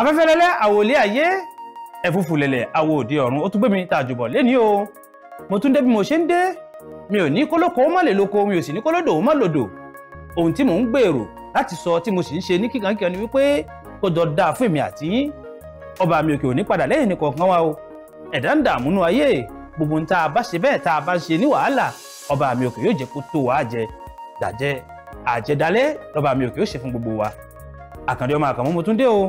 afẹ́fẹ́ lẹ́lẹ́ àwòlé ayé ẹ̀fúfù lẹ̀lẹ̀ àwo òde ọ̀run ó tún gbé mi tá a jùbọ̀ lẹ́ni o mo tún dé bí mo ṣe ń dé mi ò ní kólókòó má lè lóko mi ò sì ní kólódò má lòdò ohun tí mò ń gbèrò láti sọ tí mo sì ń ṣe ní kíkankíkan ni wípé kó jọ dáa fún èmi àti yín ọba mi òkè òní padà lẹ́yìn nìkọ̀ọ̀kan wa o ẹ̀dá ń dààmú nú ayé gbogbo ń tá bá ṣe bẹ́ẹ̀ tá a bá ṣe ní wàhálà ọba mi òkè yóò jẹ́ kó tó wàá jẹ dàjẹ́ àjẹdálẹ́ lọ́ba mi òkè yóò ṣe fún gbogbo wa àkàndé ọmọ àkànmọ́ mo tún dé o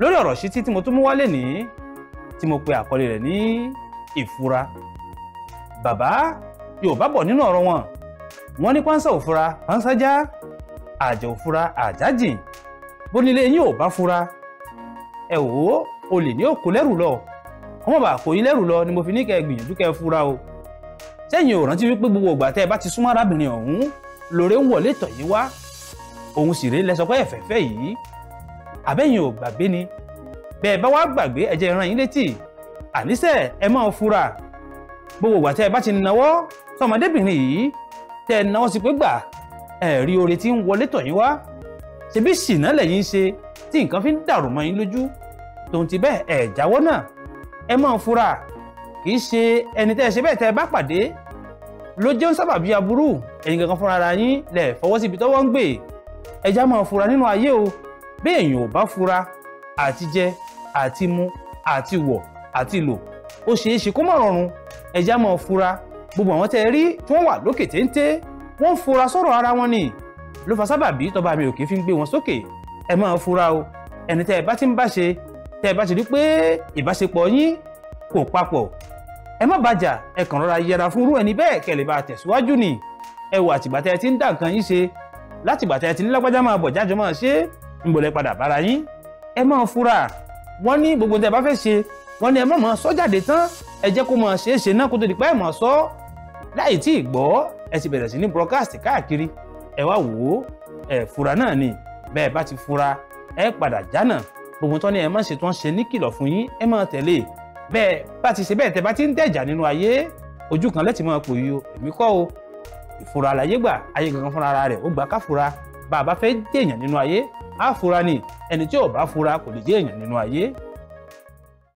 lórí ọ̀rọ̀ sí tí mo tún mú wálé ní tí mo pe àkọlé rẹ̀ ní ìfura bàbá Yorùbá bọ̀ nínú ọ̀rọ̀ wọn wọ́n ní pánsá òfura pánsá já àjà òfura àjà jìn bónílé yín ò bá fura ẹ wò ó olè ní òkú lẹ́rù lọ ọmọ kò yí lẹ́rù lọ ni mo fi ní kẹ́ gbìyànjú kẹ́ fura o sẹ́yìn ò rántí wípé gbogbo ìgbà tẹ́ ẹ bá ti súnmọ́ arábìnrin ọ̀hún lóore ń wọlé tọ̀ yín wá òun sì rèé lẹ́sọ ẹ̀fẹ̀fẹ̀ yìí àbẹ́yìn ò gbàgbé ni bẹ́ẹ̀ bá wá gbàgbé ẹ jẹ́ ìran yín létí àníṣe ẹ máa fura gbogbo ìgbà tẹ́ ẹ bá ti nawọ́ sọmọdébìnrin yìí tẹ́ ẹ nawọ́ sí pé gbà ẹ rí oore tí ń wọlé tọ̀ yín wá ṣebí ṣìnà lẹ́yìn ṣe tí nǹkan fi ń dàrú mọ́ yín lójú tòun ti bẹ́ẹ̀ ẹ jáwọ́ náà ẹ máa fura kì í ṣe ẹni tẹ́ ẹ ṣe bẹ́ẹ̀ tẹ́ ẹ bá pàdé ló jẹun sábàbí aburú ẹ̀yin gangan fúnra ara yín lẹ̀ fọwọ́ síbi tọ́wọ́ ń gbé ẹ já máa fura nínú ayé o bí èèyàn ò bá fura àti jẹ àti mu àti wọ̀ àti lò ó ṣeé ṣe kó má rọrùn ẹja máa fura gbogbo àwọn tẹ́ rí tí wọ́n wà lókè téńté wọ́n fura sọ̀rọ̀ ara wọn ni ló fa sábàbí tọba mi ò kì í fi ń gbé wọn sókè ẹ máa fura o ẹni tẹ́ ẹ bá ti ń bá ṣe tẹ́ ẹ bá ti rí pé ìbáṣepọ̀ yín kò papọ̀ ẹ má bàjà ẹ kàn rọra yẹra fún irú ẹni bẹ́ẹ̀ kẹ́ bá tẹ̀síwájú ni ẹ wò àtìgbà ẹ ti ń dá nǹkan yín ṣe látìgbà ẹ ti ní lágbájá máa bọ̀ jájọ máa ṣe é níbo lẹ padà bára yín ẹ máa fura wọ́n ní gbogbo tẹ́ bá fẹ́ ṣe wọ́n ní ẹ má máa sọ jáde tán ẹ jẹ́ kó máa ṣe é ṣe náà kó tó di pé ẹ máa sọ láì tí ì gbọ́ ẹ sì bẹ̀rẹ̀ sí ní broadcast káàkiri ẹ wá wò ó ẹ fura náà ni bẹ́ẹ̀ bá ti fura ẹ padà jánà gbogbo tán ni ẹ má ṣe tán ṣe ní kìlọ̀ fún yín ẹ máa tẹ̀lé bẹ́ẹ̀ bá ti ṣe bẹ́ẹ̀ tẹ́ bá ti ń dẹ̀jà nínú ayé ojú kan lẹ́tì máa pò o èmi kọ́ o ìfura àlàyé gbà ayé gangan fúnra rẹ̀ ó gbà káfura bá a bá fẹ́ dèèyàn nínú ayé á fura ni ẹni tí ò bá fura kò lè jẹ́ èèyàn nínú ayé